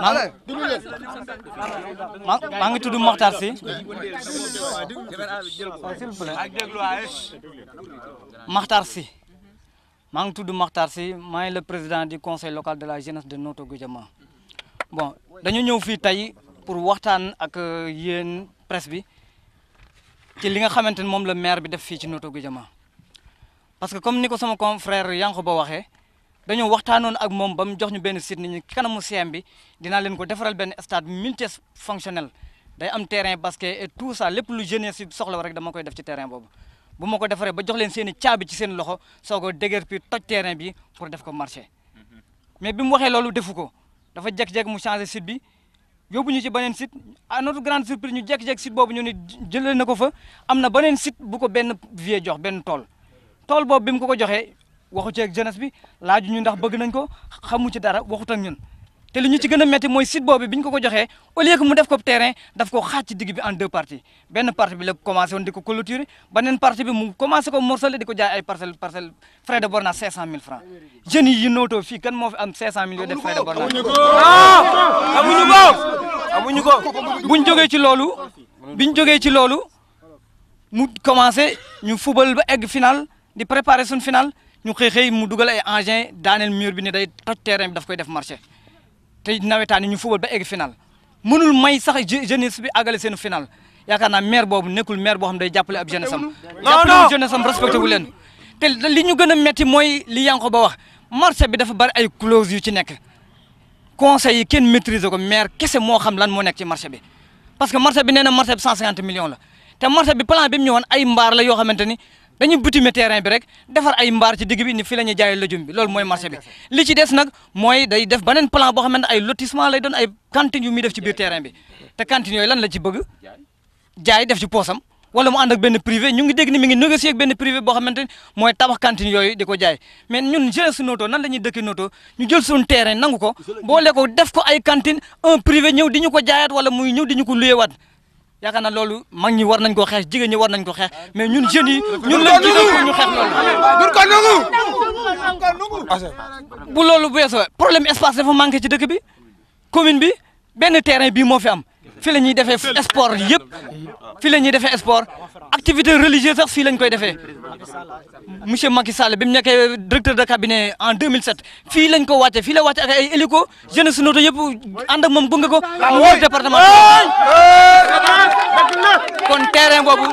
maa maa ngi tudd Mokhtar Sy Mokhtar Sy maa ngi tudd si maa maay la président du conseil local de la jeunesse de Notto Goudiama bon daño ñëw fii tey pour waxtaan ak euh, yéen presse bi ci li nga xamante ni moom la maire bi def fii ci Notto Goudiama parce que comme ni ko sama confrère Yankuba waxee dañoo waxtaanoon ak moom ba mu jox ñu benn site ni ñu kanamu CM bi dinaa leen ko defaral benn stade multifonctionnel day am terrain basket et tout ça lépp lu jeunesse si soxla rek dama koy def ci terrain boobu bu ma ko defaree ba jox leen seen caabi ci seen loxo soog a dëgër puis toj terrain bi pour def ko marché mais bi mu waxee loolu defu ko dafa jekk-jekk mu changé site bi yóbbu ci beneen site à notre grande surprise ñu jekk-jekk site boobu ñu ne jëlee na ko fa am na beneen site bu ko benn vieux jox benn tool tool boobu bi mu ko ko joxee waxu ci ak jeunesse bi laaju ñu ndax bëgg nañ ko xamu ci dara waxut ak ñun te li ñu ci gën a métti mooy site boobu bi ñu ko ko joxee au lieu mu def ko terrain daf ko xaaj ci digg bi en deux parties benn partie bi ko clôturer beneen partie bi mu commencé ko morcelé di ko jaay ay parcelle parcelle frais de bornage 500000 francs jeunes yi yu nootoo fii kan moo fi am 500000 yooyu def frais de bornage ah! amuñu ko amuñu ko ñu jógee ci loolu bi ñu joge ci loolu mu commencé ñu fubal ba egg final di préparer suñ final ñu xëy xëy mu dugal ay engins daaneel mur bi ne day toj terrain bi daf koy def marché te nawetaan ñu fubal ba egg final mënul may sax jeunesse bi àggale seen final yaakaar naa maire boobu nekkul maire boo xam day jàppale ab jeunesse am. jàppale jeunesse am leen. te li ñu gën a métti mooy li Yankoba wax marché bi dafa bari ay clause yu ci nekk conseil yi kenn maîtriser ko maire kese moo xam lan moo nekk ci marché bi parce que marché bi nee na marché bi 150 millions la te marché bi plan bi mu ñëwoon ay mbaar la yoo xamante ni. dañuy butime terrain bi rek defar ay mbaar ci digg bi ni fii la ñuy jaayee lëjum bi loolu mooy marché bi li ci des nag mooy day def beneen plan boo xamante ay lotissement lay doon ay cantine yu muy def ci biir terrain bi te cantine yooyu lan la ci bëgg jaay def ci poosam wala mu ànd ak benn privé ñu ngi dégg ni mi ngi négocier ak benn privé boo xamante ni mooy tabax cantine yooy di ko jaay mais ñun jëlee su nan la ñuy dëkki noto ñu jël suñu terrain nangu ko boole ko def ko ay cantine un privé ñëw di ñu ko jaayaat muy ñëw di ko luyewaat yaakaar naa loolu mag ñi war nañ ko xeex jigéen ñi war nañ ko xeex mais ñun jeunes yi ñun lañ jiital pour ñu xeex loolu. dur ko nangu bu loolu weesoo problème espace dafa manqué ci dëkk bi commune bi benn terrain bii moo fi am fii la ñuy defee sport yëpp fii la ñuy defee sport activité religieuse sax fii lañ koy defee monsieur Macky Sall bi mu nekkee directeur de cabinet en 2007 fii lañ ko wàcce fii la wàcce ak ay hélico jeunesse noto yëpp ànd ak moom gunge ko. mu département kon terrain boobu